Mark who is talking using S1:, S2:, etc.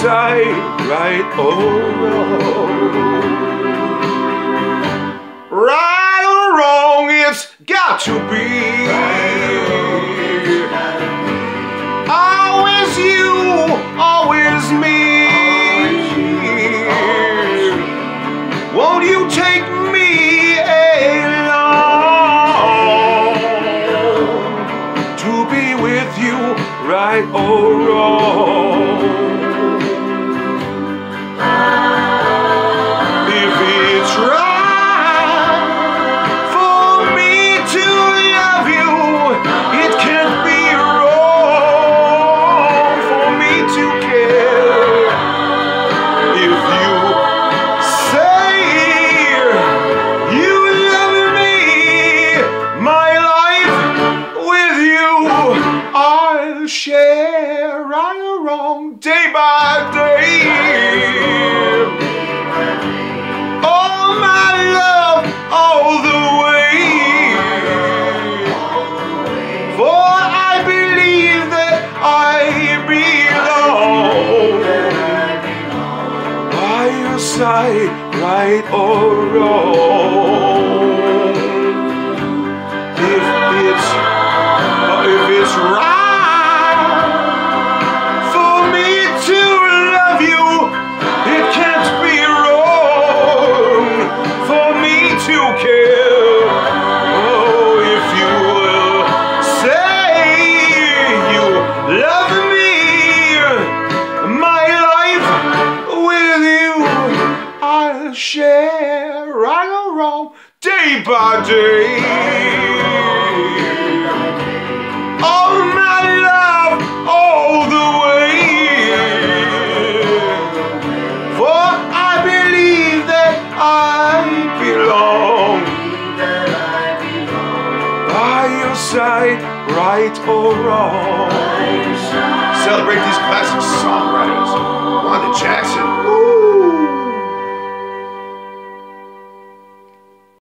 S1: sight right or wrong. Right or wrong, it's got to be. Always you, always me. Won't you take me along to be with you, right or wrong? Ah. wrong day by day. All my love, all the way. For I believe that I belong. By your side, right or wrong. To care. Oh, if you will say you love me, my life with you I'll share right or wrong, day by day. side, right or wrong. Celebrate these classic songwriters. Wanda Jackson.